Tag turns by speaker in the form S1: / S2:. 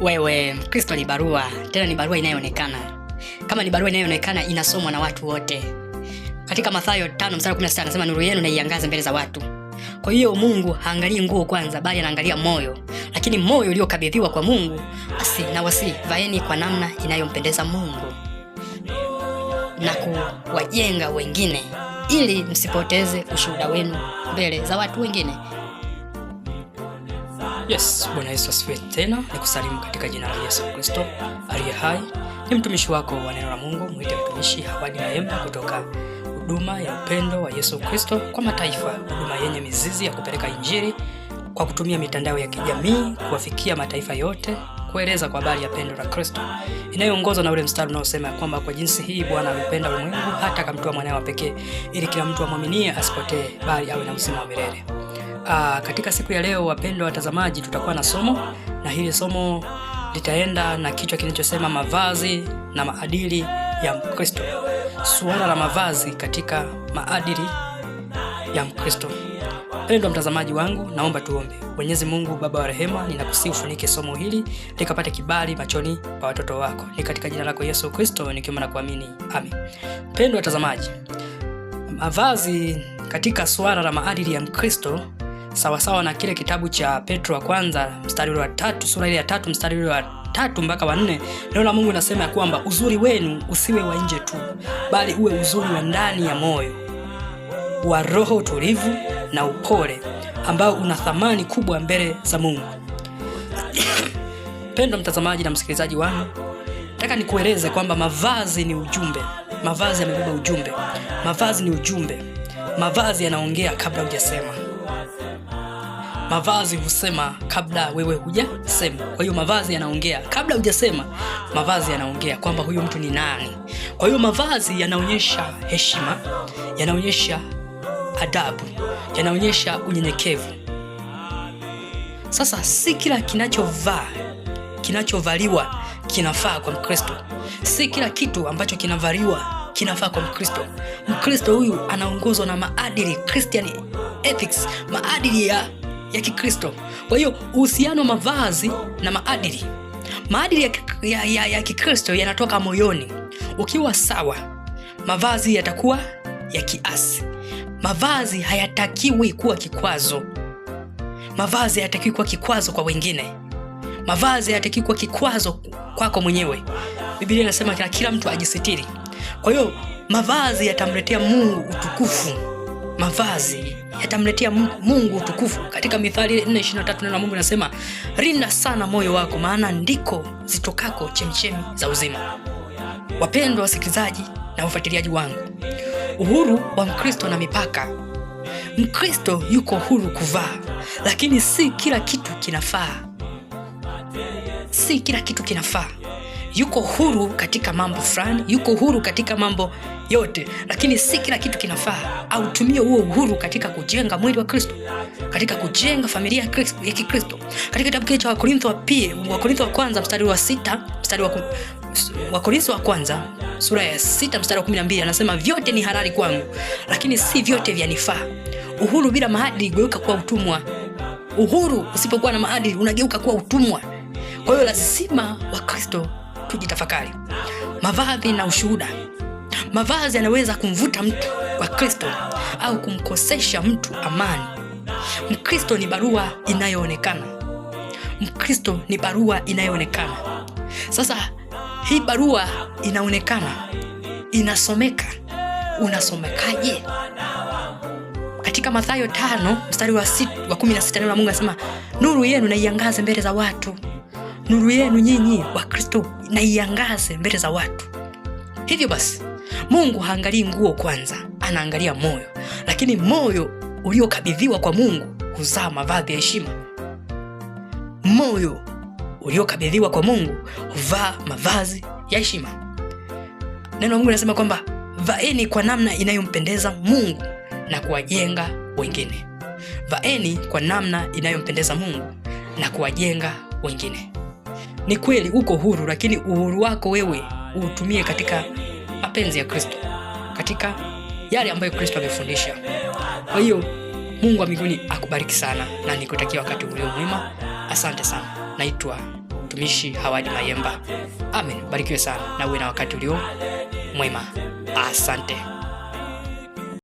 S1: Wewe Kristo ni barua, tena ni barua inayoonekana. Kama ni barua inayoonekana, inasomwa na watu wote. Katika Mathayo 5 anasema nuru yenu naiangaze mbele za watu. Kwa hiyo Mungu haangalii nguo kwanza, bali anaangalia moyo. Lakini moyo uliokabidhiwa kwa Mungu, basi na wasi vaeni kwa namna inayompendeza Mungu na kuwajenga wengine, ili msipoteze ushuhuda wenu mbele za watu wengine. Yes, Bwana Yesu asifiwe. Tena ni kusalimu katika jina la Yesu Kristo aliye hai. Ni mtumishi wako wa neno la Mungu, mwite mtumishi Hawadi Mayemba kutoka huduma ya upendo wa Yesu Kristo kwa mataifa, huduma yenye mizizi ya kupeleka injili kwa kutumia mitandao ya kijamii kuwafikia mataifa yote, kueleza kwa habari ya pendo la Kristo inayoongozwa na ule mstari unaosema kwamba kwa jinsi hii Bwana amependa ulimwengu hata akamtoa mwanae wa pekee, ili kila mtu amwaminie asipotee, bali awe na uzima wa milele. Aa, ah, katika siku ya leo wapendwa watazamaji, tutakuwa na somo na hili somo litaenda na kichwa kinachosema mavazi na maadili ya Mkristo. Suala la mavazi katika maadili ya Mkristo. pendwa mtazamaji wangu, naomba tuombe. Mwenyezi Mungu Baba wa rehema, ninakusihi ufunike somo hili likapate kibali machoni pa watoto wako, ni katika jina lako Yesu Kristo nikiomba na kuamini, amen. Mpendwa watazamaji, mavazi katika suala la maadili ya Mkristo sawasawa na kile kitabu cha Petro wa kwanza mstari wa tatu, sura ile ya tatu mstari ule wa tatu mpaka wa nne. Neno la Mungu linasema ya kwamba uzuri wenu usiwe wa nje tu, bali uwe uzuri wa ndani ya moyo wa roho, utulivu na upole, ambao una thamani kubwa mbele za Mungu. Mpendwa mtazamaji na msikilizaji wangu, nataka nikueleze kwamba mavazi ni ujumbe. Mavazi yamebeba ujumbe, mavazi ni ujumbe, mavazi yanaongea kabla hujasema. Mavazi husema kabla wewe hujasema. Kwa hiyo mavazi yanaongea kabla hujasema, mavazi yanaongea kwamba huyu mtu ni nani. Kwa hiyo mavazi yanaonyesha heshima, yanaonyesha adabu, yanaonyesha unyenyekevu. Sasa si kila kinachovaa kinachovaliwa kinafaa kwa Mkristo. Si kila kitu ambacho kinavaliwa kinafaa kwa Mkristo. Mkristo huyu anaongozwa na maadili kristiani ethics, maadili ya, ya Kikristo. Kwa hiyo uhusiano wa mavazi na maadili, maadili ya, ya, ya, ya Kikristo yanatoka moyoni. Ukiwa sawa, mavazi yatakuwa ya kiasi. Mavazi hayatakiwi kuwa kikwazo. Mavazi hayatakiwi kuwa kikwazo kwa wengine. Mavazi hayatakiwi kuwa kikwazo kwako mwenyewe. Biblia inasema kila mtu ajisitiri. Kwa hiyo mavazi yatamletea Mungu utukufu mavazi yatamletea Mungu utukufu. Katika Mithali 4:23 neno la Mungu linasema, rinda sana moyo wako, maana ndiko zitokako chemchemi za uzima. Wapendwa wasikilizaji na wafuatiliaji wangu, uhuru wa Mkristo na mipaka. Mkristo yuko huru kuvaa, lakini si kila kitu kinafaa, si kila kitu kinafaa yuko huru katika mambo fulani, yuko huru katika mambo yote, lakini si kila kitu kinafaa. Autumie huo uhuru katika kujenga mwili wa Kristo, katika kujenga familia ya Kikristo. Katika kitabu kile cha Wakorintho wa pia Wakorintho wa kwanza mstari wa sita mstari wa Wakorintho wa kwanza sura ya sita mstari wa 12 anasema, vyote ni halali kwangu, lakini si vyote vyanifaa. Uhuru bila maadili geuka kuwa utumwa. Uhuru usipokuwa na maadili unageuka kuwa utumwa. Kwa hiyo lazima Wakristo kujitafakari Mavazi na ushuhuda. Mavazi yanaweza kumvuta mtu kwa Kristo au kumkosesha mtu amani. Mkristo ni barua inayoonekana. Mkristo ni barua inayoonekana. Sasa hii barua inaonekana, inasomeka. Unasomekaje? Katika Mathayo tano mstari wa 16 neno la Mungu anasema, nuru yenu naiangaze mbele za watu nuru yenu nyinyi wa Kristo mbele za watu. Hivyo basi, Mungu haangalii nguo kwanza, anaangalia moyo, lakini moyo uliokabidhiwa kwa Mungu huzaa mavazi ya heshima. Moyo uliokabidhiwa kwa Mungu huvaa mavazi ya heshima. Neno Mungu linasema kwamba vaeni kwa namna inayompendeza Mungu na kuwajenga wengine. Vaeni kwa namna inayompendeza Mungu na kuwajenga wengine. Ni kweli uko huru, lakini uhuru wako wewe uutumie katika mapenzi ya Kristo, katika yale ambayo Kristo amefundisha. Kwa hiyo Mungu wa mbinguni akubariki sana na nikutakia wakati ulio mwema. Asante sana. Naitwa mtumishi Hawadi Mayemba. Amen. Barikiwe sana na uwe na wakati ulio mwema. Asante.